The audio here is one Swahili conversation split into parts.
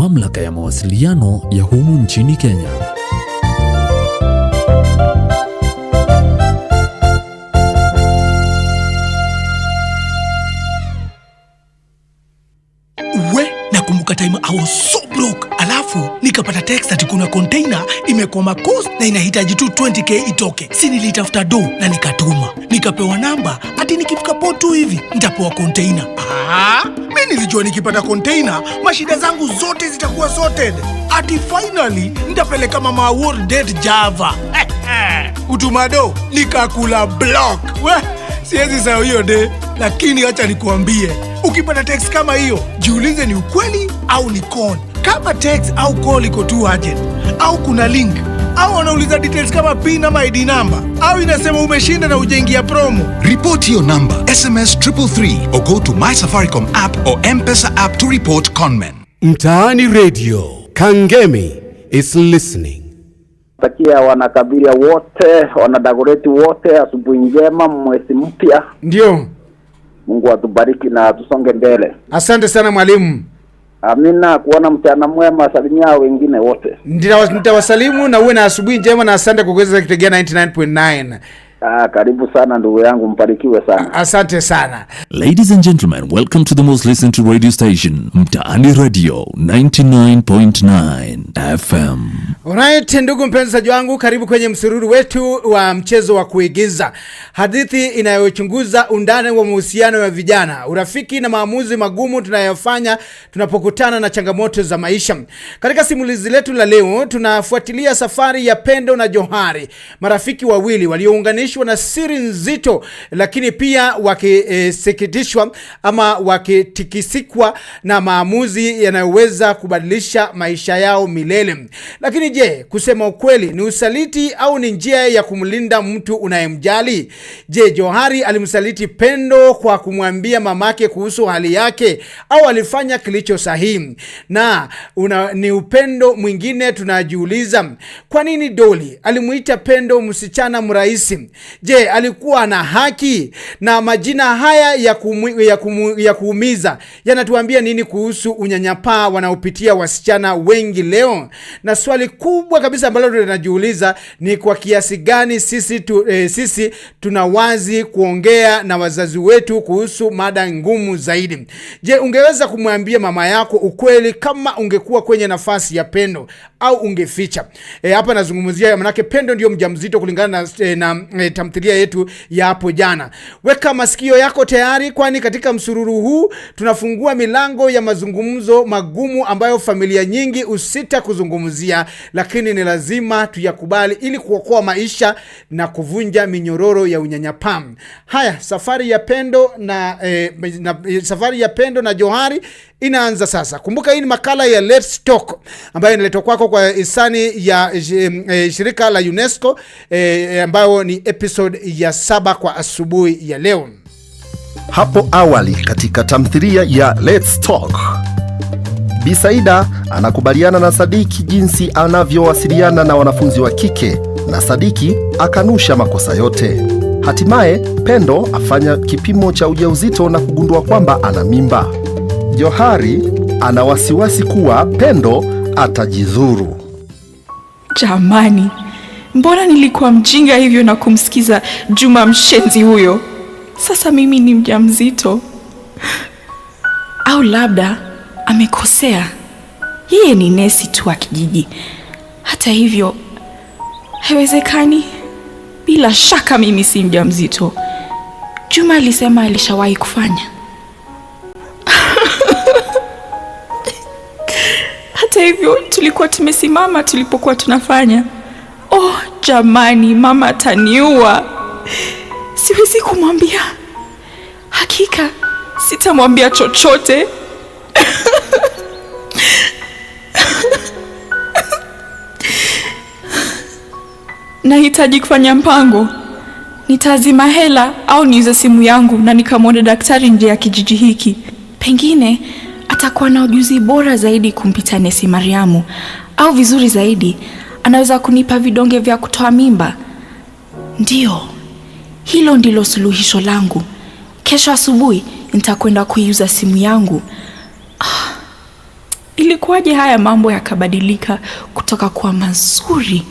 mamlaka ya mawasiliano ya humu nchini Kenya. We, nakumbuka time I was so broke. Alafu nikapata text ati kuna container imekwama coast na inahitaji tu 20k itoke. Si nilitafuta do na nikatuma, nikapewa namba nikifikapo tu hivi nitapewa konteina. Mi nilijua nikipata konteina mashida zangu zote zitakuwa sorted. Ati finally nitapeleka mama a world date Java eh, eh. utumado nikakula block. We, siwezi sahau hiyo de, lakini acha nikuambie, ukipata text kama hiyo jiulize ni ukweli au ni con. Kama text au call iko tu urgent au kuna link au wanauliza details kama PIN ama ID namba au inasema umeshinda na ujaingia promo. Ripoti your number, SMS 333 or go to My Safaricom app or M-Pesa app to report conmen. Mtaani Radio Kangemi is listening. Takia wanakabiria wote wanadagoreti wote asubuhi njema, mwezi mpya. Ndio. Mungu atubariki na tusonge mbele. Asante sana mwalimu. Amina, kuona mchana mwema, salimia wengine wote. Nitawasalimu na uwe na asubuhi njema na asante kwa kuweza kutegea 99.9. Ah, karibu sana ndugu yangu, mbarikiwe sana. Asante sana. Ladies and gentlemen, welcome to the most listened to radio station, Mtaani Radio 99.9 FM. Alright, ndugu mpenzi wangu, karibu kwenye msururu wetu wa mchezo wa kuigiza. Hadithi inayochunguza undani wa mahusiano ya vijana, urafiki na maamuzi magumu tunayofanya tunapokutana na changamoto za maisha. Katika simulizi letu la leo, tunafuatilia safari ya Pendo na Johari, marafiki wawili walioungana wakisikitishwa na siri nzito, lakini pia wakisikitishwa ama wakitikisikwa na maamuzi yanayoweza kubadilisha maisha yao milele. Lakini je, kusema ukweli ni usaliti au ni njia ya kumlinda mtu unayemjali? Je, Johari alimsaliti Pendo kwa kumwambia mamake kuhusu hali yake au alifanya kilicho sahihi? Na una, ni upendo mwingine tunajiuliza, kwa nini Doli alimuita Pendo msichana mrahisi? Je, alikuwa na haki? Na majina haya ya, kumu, ya, kumu, ya kuumiza yanatuambia nini kuhusu unyanyapaa wanaopitia wasichana wengi leo? Na swali kubwa kabisa ambalo tunajiuliza ni kwa kiasi gani sisi, tu, eh, sisi tuna wazi kuongea na wazazi wetu kuhusu mada ngumu zaidi. Je, ungeweza kumwambia mama yako ukweli kama ungekuwa kwenye nafasi ya Pendo au ungeficha? Eh, hapa nazungumzia manake Pendo ndio mjamzito kulingana na, eh, na eh, tamthilia yetu ya hapo jana. Weka masikio yako tayari, kwani katika msururu huu tunafungua milango ya mazungumzo magumu ambayo familia nyingi husita kuzungumzia, lakini ni lazima tuyakubali ili kuokoa maisha na kuvunja minyororo ya unyanyapaa. Haya, safari ya pendo na, eh, na eh, safari ya pendo na Johari inaanza sasa. Kumbuka hii ni makala ya Let's Talk ambayo inaletwa kwako kwa hisani ya eh, eh, shirika la UNESCO eh, ambayo ni episode ya saba kwa asubuhi ya leo. Hapo awali katika tamthilia ya Let's Talk, Bisaida anakubaliana na Sadiki jinsi anavyowasiliana na wanafunzi wa kike na Sadiki akanusha makosa yote. Hatimaye Pendo afanya kipimo cha ujauzito na kugundua kwamba ana mimba. Johari ana wasiwasi kuwa Pendo atajidhuru. Jamani, mbona nilikuwa mjinga hivyo na kumsikiza Juma mshenzi huyo? Sasa mimi ni mjamzito, au labda amekosea. Yeye ni nesi tu wa kijiji. Hata hivyo, haiwezekani. Bila shaka mimi si mjamzito. Juma alisema alishawahi kufanya Hata hivyo tulikuwa tumesimama tulipokuwa tunafanya. Oh jamani, mama ataniua! Siwezi kumwambia, hakika sitamwambia chochote. Nahitaji kufanya mpango. Nitazima hela au niuze simu yangu na nikamwona daktari nje ya kijiji hiki, pengine atakuwa na ujuzi bora zaidi kumpita nesi Mariamu, au vizuri zaidi, anaweza kunipa vidonge vya kutoa mimba. Ndiyo, hilo ndilo suluhisho langu. Kesho asubuhi nitakwenda kuiuza simu yangu. Ah, ilikuwaje haya mambo yakabadilika kutoka kuwa mazuri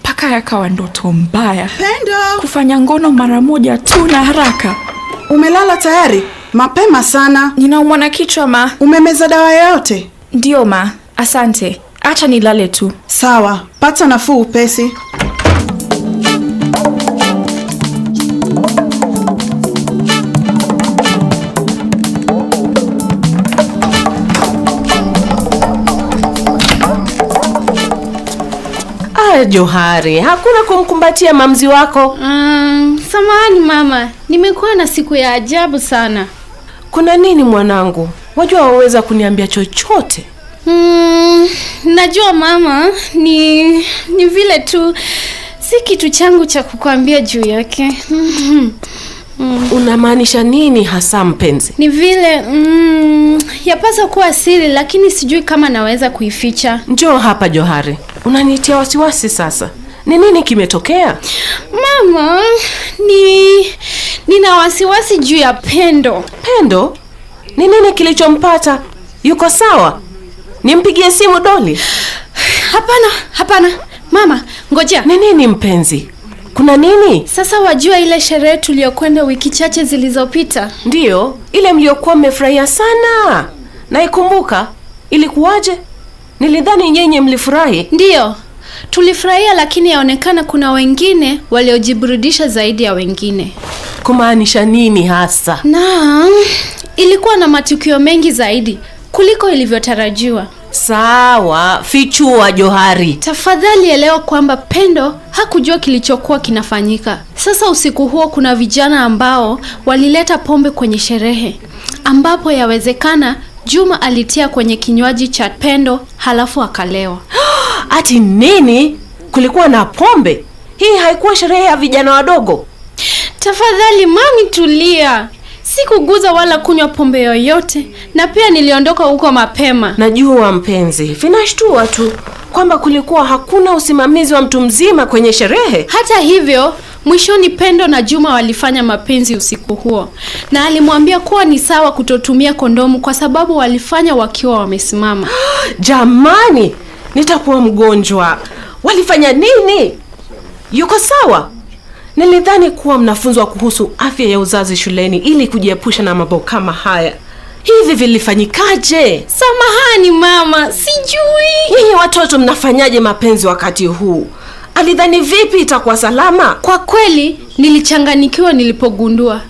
mpaka yakawa ndoto mbaya? Pendo, kufanya ngono mara moja tu na haraka. Umelala tayari? Mapema sana. Ninaumwa kichwa ma. Umemeza dawa yote? Ndiyo ma, asante. Acha nilale tu. Sawa, pata nafuu upesi. Johari, hakuna kumkumbatia mamzi wako? Mm, samahani mama, nimekuwa na siku ya ajabu sana. Kuna nini mwanangu? Wajua waweza kuniambia chochote? Mm, najua mama, ni ni vile tu si kitu changu cha kukwambia juu yake. Mm. Unamaanisha nini hasa mpenzi? Ni vile mm, yapaswa kuwa siri, lakini sijui kama naweza kuificha. Njoo hapa Johari, unanitia wasiwasi sasa. Ni nini kimetokea? Mama, ni nina wasiwasi juu ya Pendo. Pendo? Ni nini kilichompata? Yuko sawa? Nimpigie simu Doli? Hapana, hapana. Mama, ngoja. Ni nini mpenzi? Kuna nini? Sasa wajua ile sherehe tuliyokwenda wiki chache zilizopita? Ndiyo, ile mliokuwa mmefurahia sana. Naikumbuka. Ilikuwaje? Nilidhani nyenye mlifurahi. Ndiyo. Tulifurahia, lakini yaonekana kuna wengine waliojiburudisha zaidi ya wengine. Kumaanisha nini hasa? Naam, ilikuwa na matukio mengi zaidi kuliko ilivyotarajiwa. Sawa, fichua Johari. Tafadhali elewa kwamba Pendo hakujua kilichokuwa kinafanyika. Sasa usiku huo kuna vijana ambao walileta pombe kwenye sherehe, ambapo yawezekana Juma alitia kwenye kinywaji cha Pendo halafu akalewa. Ati nini? Kulikuwa na pombe? Hii haikuwa sherehe ya vijana wadogo? Tafadhali mami, tulia. Sikuguza wala kunywa pombe yoyote, na pia niliondoka huko mapema. Najua mpenzi, vinashtua tu kwamba kulikuwa hakuna usimamizi wa mtu mzima kwenye sherehe. Hata hivyo, mwishoni Pendo na Juma walifanya mapenzi usiku huo, na alimwambia kuwa ni sawa kutotumia kondomu kwa sababu walifanya wakiwa wamesimama. Jamani, nitakuwa mgonjwa. Walifanya nini? Yuko sawa? Nilidhani kuwa mnafunzwa kuhusu afya ya uzazi shuleni ili kujiepusha na mambo kama haya. Hivi vilifanyikaje? Samahani mama, sijui. Nyinyi watoto mnafanyaje mapenzi wakati huu? Alidhani vipi itakuwa salama? Kwa kweli nilichanganikiwa nilipogundua,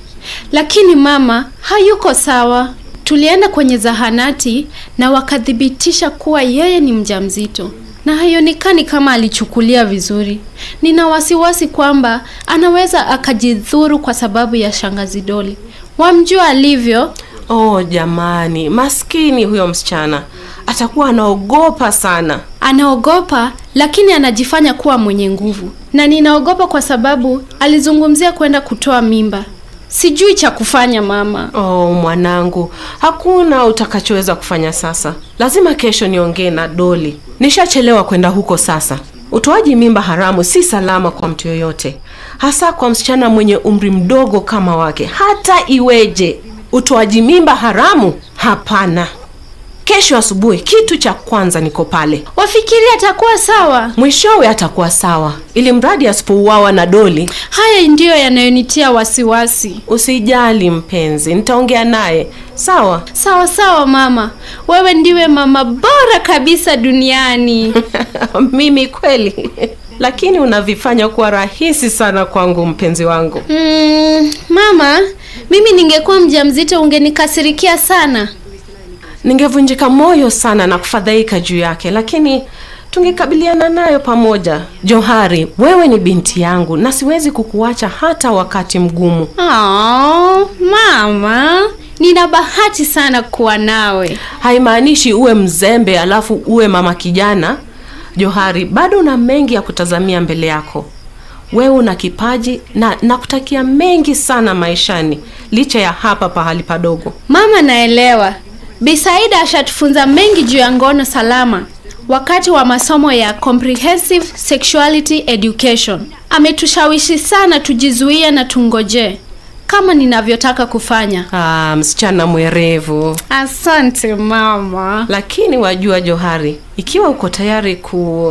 lakini mama hayuko sawa. Tulienda kwenye zahanati na wakathibitisha kuwa yeye ni mjamzito na haionekani kama alichukulia vizuri. Nina wasiwasi kwamba anaweza akajidhuru kwa sababu ya shangazi Doli. Wamjua alivyo. Oh jamani, maskini huyo msichana atakuwa anaogopa sana. Anaogopa lakini anajifanya kuwa mwenye nguvu, na ninaogopa kwa sababu alizungumzia kwenda kutoa mimba. Sijui cha kufanya mama. Oh, mwanangu, hakuna utakachoweza kufanya sasa. Lazima kesho niongee na Doli. Nishachelewa kwenda huko sasa. Utoaji mimba haramu si salama kwa mtu yoyote, hasa kwa msichana mwenye umri mdogo kama wake. Hata iweje, utoaji mimba haramu? Hapana. Kesho asubuhi, kitu cha kwanza niko pale. Wafikiri atakuwa sawa? Mwishowe atakuwa sawa, ili mradi asipouawa na Doli. Haya ndiyo yanayonitia wasiwasi. Usijali mpenzi, nitaongea naye. Sawa sawa sawa, mama. Wewe ndiwe mama bora kabisa duniani. Mimi kweli? Lakini unavifanya kuwa rahisi sana kwangu, mpenzi wangu. Mm, mama, mimi ningekuwa mjamzito ungenikasirikia sana ningevunjika moyo sana na kufadhaika juu yake, lakini tungekabiliana nayo pamoja. Johari, wewe ni binti yangu na siwezi kukuacha hata wakati mgumu. Oh, mama nina bahati sana kuwa nawe. Haimaanishi uwe mzembe alafu uwe mama kijana. Johari, bado una mengi ya kutazamia mbele yako. Wewe una kipaji na nakutakia mengi sana maishani, licha ya hapa pahali padogo. Mama, naelewa Bisaida ashatufunza mengi juu ya ngono salama wakati wa masomo ya comprehensive sexuality education. Ametushawishi sana tujizuie na tungoje kama ninavyotaka kufanya. Ah, msichana mwerevu. Asante mama. Lakini wajua Johari, ikiwa uko tayari ku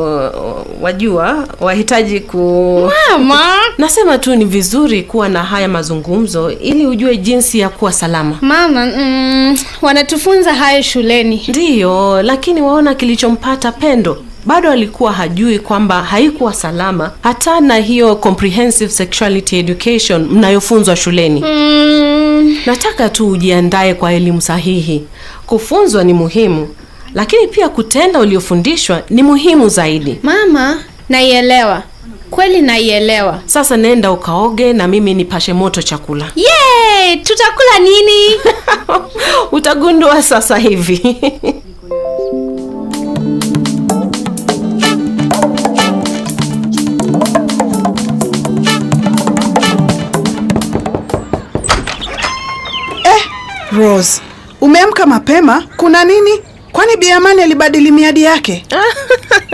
wajua wahitaji ku mama, nasema tu ni vizuri kuwa na haya mazungumzo ili ujue jinsi ya kuwa salama mama. Mm, wanatufunza haya shuleni. Ndiyo, lakini waona kilichompata Pendo bado alikuwa hajui kwamba haikuwa salama hata na hiyo comprehensive sexuality education mnayofunzwa shuleni. Mm. Nataka tu ujiandae kwa elimu sahihi. Kufunzwa ni muhimu, lakini pia kutenda uliofundishwa ni muhimu zaidi. Mama, naielewa. Kweli naielewa. Sasa nenda ukaoge na mimi nipashe moto chakula. Yay! Tutakula nini? Utagundua sasa hivi. Rose, umeamka mapema, kuna nini? Kwani Bi Amani alibadili miadi yake?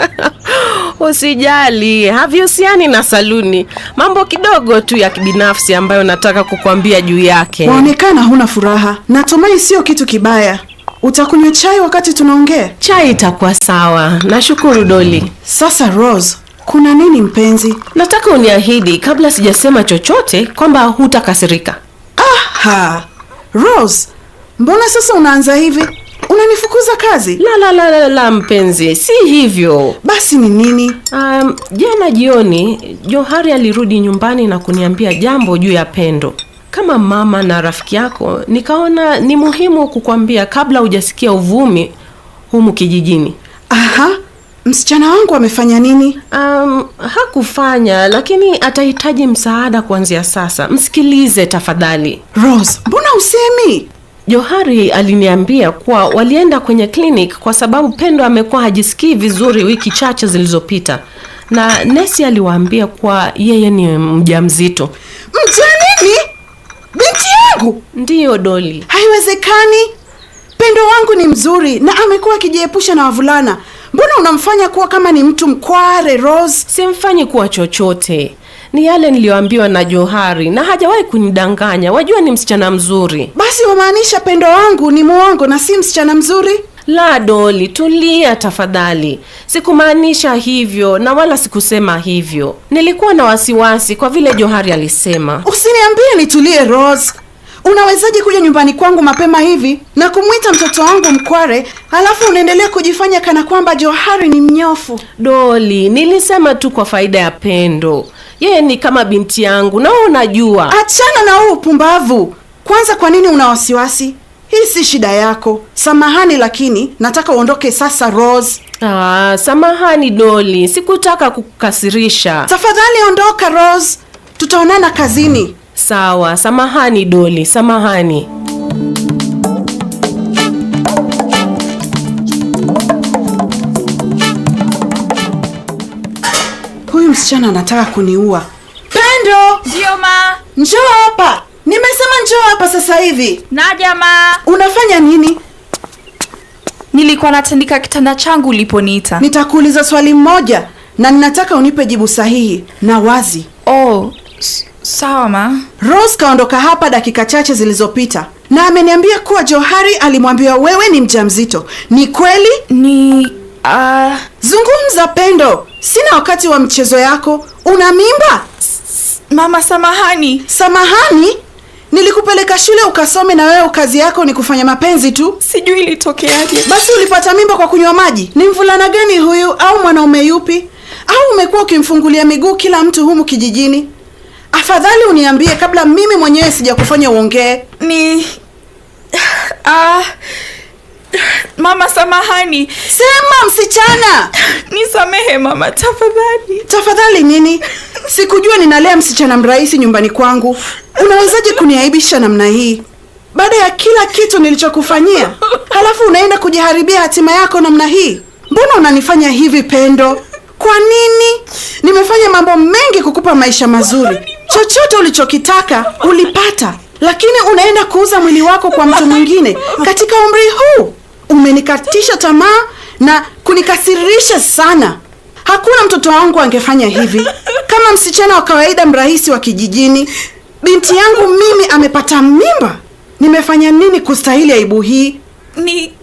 Usijali, havihusiani na saluni, mambo kidogo tu ya kibinafsi ambayo nataka kukuambia juu yake. Waonekana huna furaha, natumai sio kitu kibaya. Utakunywa chai wakati tunaongea? Chai itakuwa sawa, nashukuru Doli. Sasa Rose, kuna nini mpenzi? Nataka uniahidi kabla sijasema chochote kwamba hutakasirika. Aha, Rose, Mbona sasa unaanza hivi? Unanifukuza kazi? La, la, la, la, la mpenzi, si hivyo. Basi ni nini? Um, jana jioni Johari alirudi nyumbani na kuniambia jambo juu ya Pendo. Kama mama na rafiki yako, nikaona ni muhimu kukwambia kabla hujasikia uvumi humu kijijini. Aha, msichana wangu amefanya nini? Um, hakufanya, lakini atahitaji msaada kuanzia sasa. Msikilize tafadhali. Rose, mbona usemi? Johari aliniambia kuwa walienda kwenye clinic kwa sababu Pendo amekuwa hajisikii vizuri wiki chache zilizopita, na nesi aliwaambia kuwa yeye ni mjamzito. nini binti yangu? Ndiyo Doli. Haiwezekani, Pendo wangu ni mzuri na amekuwa akijiepusha na wavulana. Mbona unamfanya kuwa kama ni mtu mkware, Rose? Simfanyi kuwa chochote, ni yale niliyoambiwa na Johari na hajawahi kunidanganya. Wajua ni msichana mzuri. Basi wamaanisha pendo wangu ni mwongo na si msichana mzuri? La, Doli, tulia tafadhali. Sikumaanisha hivyo na wala sikusema hivyo. Nilikuwa na wasiwasi kwa vile Johari alisema. Usiniambie nitulie, Rose. Unawezaje kuja nyumbani kwangu mapema hivi na kumwita mtoto wangu mkware, halafu unaendelea kujifanya kana kwamba Johari ni mnyofu? Doli, nilisema tu kwa faida ya Pendo, yeye ni kama binti yangu na wewe unajua. Achana na huu upumbavu kwanza. Kwa nini una wasiwasi? Hii si shida yako. Samahani, lakini nataka uondoke sasa, Rose. Ah, samahani Doli, sikutaka kukukasirisha. Tafadhali ondoka Rose, tutaonana kazini. Sawa, samahani Doli, samahani. Huyu msichana anataka kuniua. Pendo! Ndio ma. Njoo hapa. Nimesema njoo hapa sasa hivi. Naja ma. Unafanya nini? Nilikuwa natandika kitanda changu uliponiita. Nitakuuliza swali moja na ninataka unipe jibu sahihi na wazi. Oh. Sawa ma. Rose kaondoka hapa dakika chache zilizopita na ameniambia kuwa Johari alimwambia wewe ni mjamzito. Ni kweli? Ni uh... Zungumza Pendo, sina wakati wa mchezo yako. Una mimba? Mama samahani. Samahani? Nilikupeleka shule ukasome na wewe kazi yako ni kufanya mapenzi tu. Sijui ilitokeaje. Basi ulipata mimba kwa kunywa maji? Ni mvulana gani huyu au mwanaume yupi? Au umekuwa ukimfungulia miguu kila mtu humu kijijini? Afadhali uniambie kabla mimi mwenyewe sijakufanya uongee. Ni ah, mama samahani. Sema msichana. Nisamehe mama, tafadhali. Tafadhali nini? Sikujua ninalea msichana mrahisi nyumbani kwangu. Unawezaje kuniaibisha namna hii? Baada ya kila kitu nilichokufanyia, halafu unaenda kujiharibia hatima yako namna hii. Mbona unanifanya hivi Pendo? Kwa nini? Nimefanya mambo mengi kukupa maisha mazuri. Chochote ulichokitaka ulipata, lakini unaenda kuuza mwili wako kwa mtu mwingine katika umri huu. Umenikatisha tamaa na kunikasirisha sana. Hakuna mtoto wangu angefanya hivi. Kama msichana wa kawaida mrahisi wa kijijini, binti yangu mimi amepata mimba. Nimefanya nini kustahili aibu hii? Ni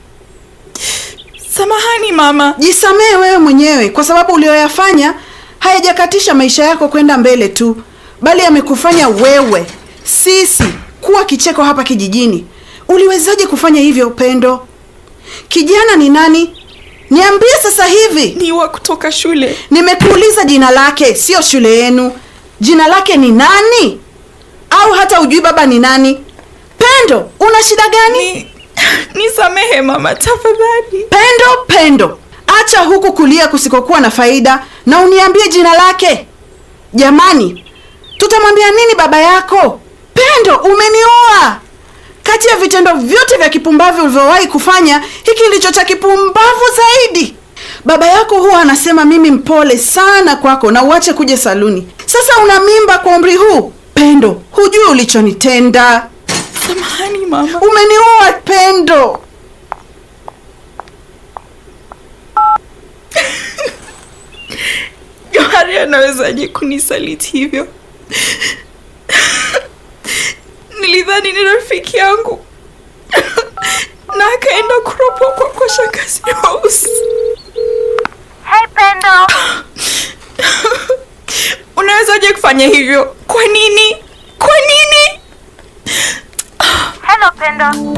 samahani mama. Jisamehe wewe mwenyewe kwa sababu ulioyafanya hayajakatisha maisha yako kwenda mbele tu bali amekufanya wewe sisi kuwa kicheko hapa kijijini. Uliwezaje kufanya hivyo Pendo? Kijana ni nani? Niambie sasa hivi. Ni wa kutoka shule. Nimekuuliza jina lake, sio shule yenu. Jina lake ni nani? Au hata ujui baba ni nani? Pendo, una shida gani? Ni, samehe mama tafadhali. Pendo, Pendo, acha huku kulia kusikokuwa na faida na uniambie jina lake. Jamani, Tutamwambia nini baba yako? Pendo, umeniua. Kati ya vitendo vyote vya kipumbavu ulivyowahi kufanya, hiki ndicho cha kipumbavu zaidi. Baba yako huwa anasema mimi mpole sana kwako na uache kuja saluni. Sasa una mimba kwa umri huu? Pendo, hujui ulichonitenda. Samahani mama. Umeniua Pendo. anawezaje kunisaliti hivyo? Nilidhani ni rafiki yangu na akaenda kuropokwa kwa shangazi Rose. Hey, Pendo. Unawezaje kufanya hivyo? Kwa nini? Kwa nini? Hello, Pendo.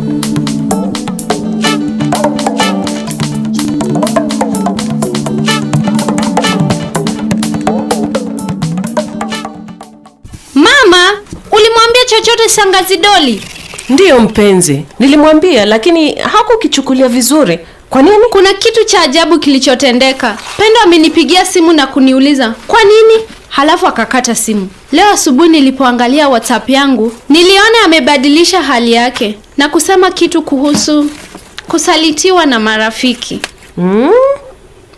Mama, ulimwambia chochote shangazi Doli? Ndiyo mpenzi, nilimwambia lakini hakukichukulia vizuri. Kwa nini? Kuna kitu cha ajabu kilichotendeka. Pendo amenipigia simu na kuniuliza kwa nini, halafu akakata simu. Leo asubuhi nilipoangalia WhatsApp yangu niliona amebadilisha hali yake na kusema kitu kuhusu kusalitiwa na marafiki mm.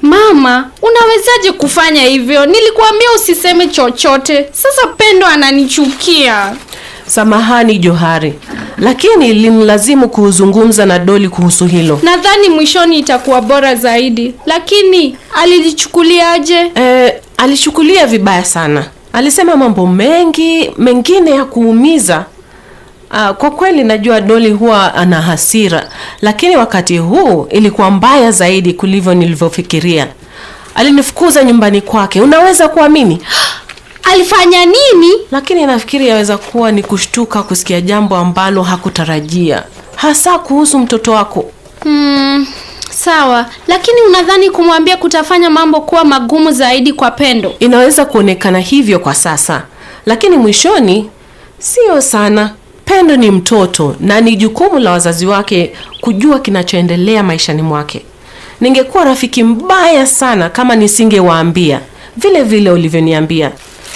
Mama, unawezaje kufanya hivyo? Nilikuambia usiseme chochote. Sasa Pendo ananichukia. Samahani Johari, lakini linilazimu kuzungumza na Doli kuhusu hilo. Nadhani mwishoni itakuwa bora zaidi. Lakini alilichukuliaje? Eh, alichukulia vibaya sana. Alisema mambo mengi mengine ya kuumiza Uh, kwa kweli najua Doli huwa ana hasira, lakini wakati huu ilikuwa mbaya zaidi kulivyo nilivyofikiria. Alinifukuza nyumbani kwake, unaweza kuamini? Alifanya nini? Lakini nafikiri yaweza kuwa ni kushtuka kusikia jambo ambalo hakutarajia, hasa kuhusu mtoto wako. Hmm, sawa, lakini unadhani kumwambia kutafanya mambo kuwa magumu zaidi kwa Pendo? Inaweza kuonekana hivyo kwa sasa, lakini mwishoni sio sana. Pendo ni mtoto na ni jukumu la wazazi wake kujua kinachoendelea maishani mwake. Ningekuwa rafiki mbaya sana kama nisingewaambia vile vile ulivyoniambia.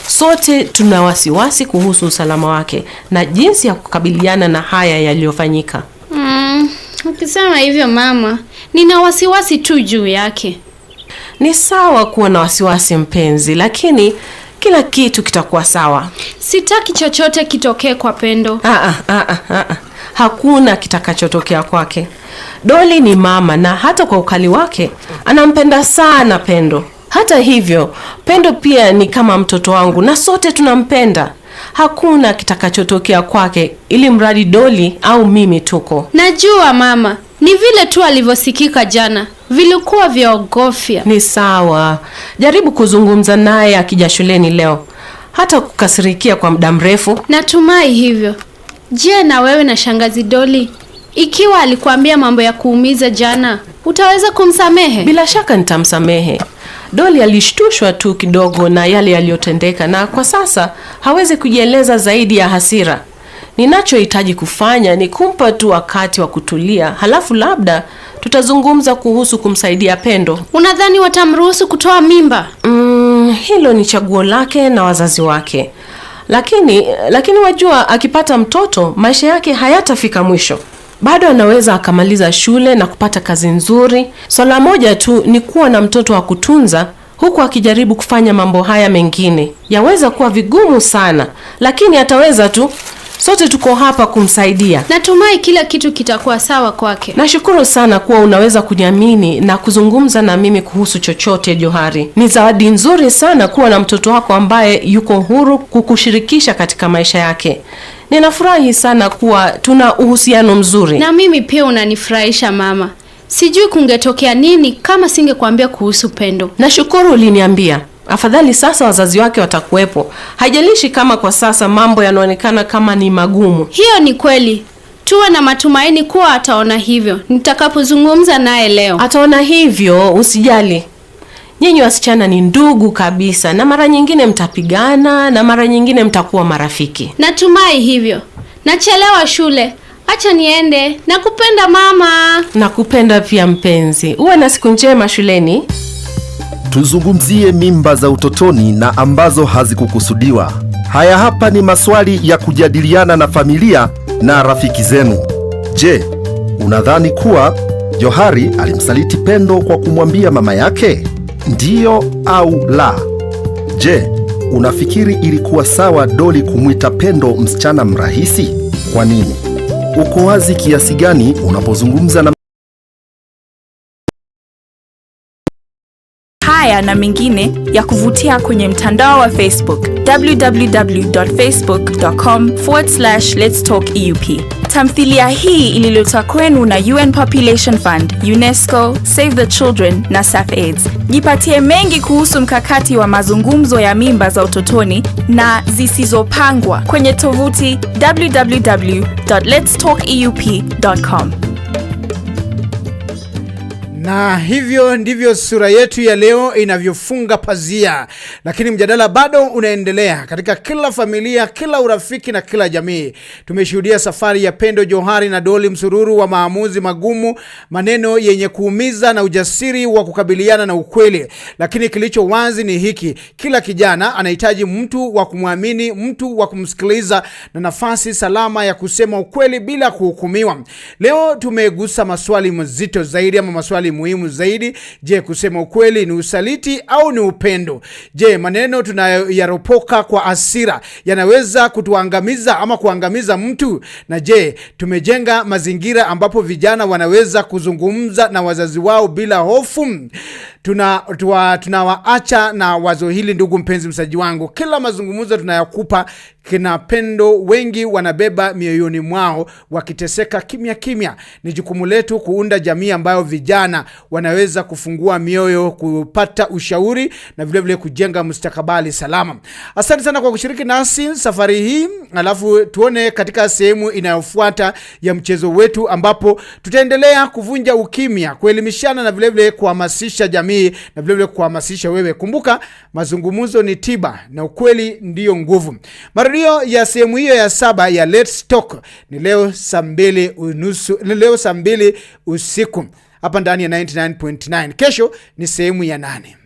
Sote tuna wasiwasi kuhusu usalama wake na jinsi ya kukabiliana na haya yaliyofanyika. Mm, ukisema hivyo mama, nina wasiwasi tu juu yake. Ni sawa kuwa na wasiwasi mpenzi, lakini kila kitu kitakuwa sawa. Sitaki chochote kitokee kwa Pendo. Aa, aa, aa, Hakuna kitakachotokea kwake. Doli ni mama, na hata kwa ukali wake anampenda sana Pendo. Hata hivyo, Pendo pia ni kama mtoto wangu na sote tunampenda. Hakuna kitakachotokea kwake, ili mradi Doli au mimi tuko. Najua mama, ni vile tu alivyosikika jana vilikuwa vya ogofya Ni sawa, jaribu kuzungumza naye akija shuleni leo, hata kukasirikia kwa muda mrefu. Natumai hivyo. Je, na wewe na shangazi Doli, ikiwa alikuambia mambo ya kuumiza jana, utaweza kumsamehe? Bila shaka nitamsamehe. Doli alishtushwa tu kidogo na yale yaliyotendeka, na kwa sasa hawezi kujieleza zaidi ya hasira. Ninachohitaji kufanya ni kumpa tu wakati wa kutulia, halafu labda tutazungumza kuhusu kumsaidia Pendo. Unadhani watamruhusu kutoa mimba? Mm, hilo ni chaguo lake na wazazi wake, lakini lakini wajua, akipata mtoto maisha yake hayatafika mwisho. Bado anaweza akamaliza shule na kupata kazi nzuri. Swala moja tu ni kuwa na mtoto wa kutunza huku akijaribu kufanya mambo haya mengine. Yaweza kuwa vigumu sana, lakini ataweza tu. Sote tuko hapa kumsaidia. Natumai kila kitu kitakuwa sawa kwake. Nashukuru sana kuwa unaweza kuniamini na kuzungumza na mimi kuhusu chochote, Johari. Ni zawadi nzuri sana kuwa na mtoto wako ambaye yuko huru kukushirikisha katika maisha yake. Ninafurahi sana kuwa tuna uhusiano mzuri. Na mimi pia unanifurahisha mama. Sijui kungetokea nini kama singekuambia kuhusu Pendo. Nashukuru uliniambia. Afadhali sasa wazazi wake watakuwepo, haijalishi kama kwa sasa mambo yanaonekana kama ni magumu. Hiyo ni kweli. Tuwe na matumaini kuwa ataona hivyo nitakapozungumza naye leo. Ataona hivyo, usijali. Nyinyi wasichana ni ndugu kabisa, na mara nyingine mtapigana na mara nyingine mtakuwa marafiki. Natumai hivyo. Nachelewa shule, acha niende. Nakupenda mama. Nakupenda pia mpenzi, uwe na siku njema shuleni. Tuzungumzie mimba za utotoni na ambazo hazikukusudiwa. Haya hapa ni maswali ya kujadiliana na familia na rafiki zenu. Je, unadhani kuwa Johari alimsaliti Pendo kwa kumwambia mama yake? Ndiyo au la? Je, unafikiri ilikuwa sawa Doli kumwita Pendo msichana mrahisi? Kwa nini? Uko wazi kiasi gani unapozungumza na haya na mengine ya kuvutia kwenye mtandao wa Facebook www.facebook.com Let's Talk EUP. Tamthilia hii ililetwa kwenu na UN Population Fund, UNESCO, Save the Children na SAFAIDS. Jipatie mengi kuhusu mkakati wa mazungumzo ya mimba za utotoni na zisizopangwa kwenye tovuti www.letstalkeup.com. Na hivyo ndivyo sura yetu ya leo inavyofunga pazia, lakini mjadala bado unaendelea katika kila familia, kila urafiki na kila jamii. Tumeshuhudia safari ya Pendo Johari na Doli Msururu wa maamuzi magumu, maneno yenye kuumiza na ujasiri wa kukabiliana na ukweli. Lakini kilicho wazi ni hiki: kila kijana anahitaji mtu wa kumwamini, mtu wa kumsikiliza na nafasi salama ya kusema ukweli bila kuhukumiwa. Leo tumegusa maswali mazito zaidi ama maswali muhimu zaidi. Je, kusema ukweli ni usaliti au ni upendo? Je, maneno tunayoyaropoka kwa asira yanaweza kutuangamiza ama kuangamiza mtu? Na je, tumejenga mazingira ambapo vijana wanaweza kuzungumza na wazazi wao bila hofu? tunawaacha tuna na wazo hili, ndugu mpenzi msaji wangu. Kila mazungumzo tunayakupa kina pendo, wengi wanabeba mioyoni mwao wakiteseka kimya kimya. Ni jukumu letu kuunda jamii ambayo vijana wanaweza kufungua mioyo, kupata ushauri na vilevile vile kujenga mustakabali salama. Asante sana kwa kushiriki nasi safari hii, alafu tuone katika sehemu inayofuata ya mchezo wetu ambapo tutaendelea kuvunja ukimya, kuelimishana na vilevile kuhamasisha jamii jamii na vilevile kuhamasisha wewe. Kumbuka, mazungumzo ni tiba na ukweli ndiyo nguvu. Marudio ya sehemu hiyo ya saba ya Let's Talk ni leo saa mbili unusu, ni leo saa mbili usiku hapa ndani ya 99.9. Kesho ni sehemu ya nane.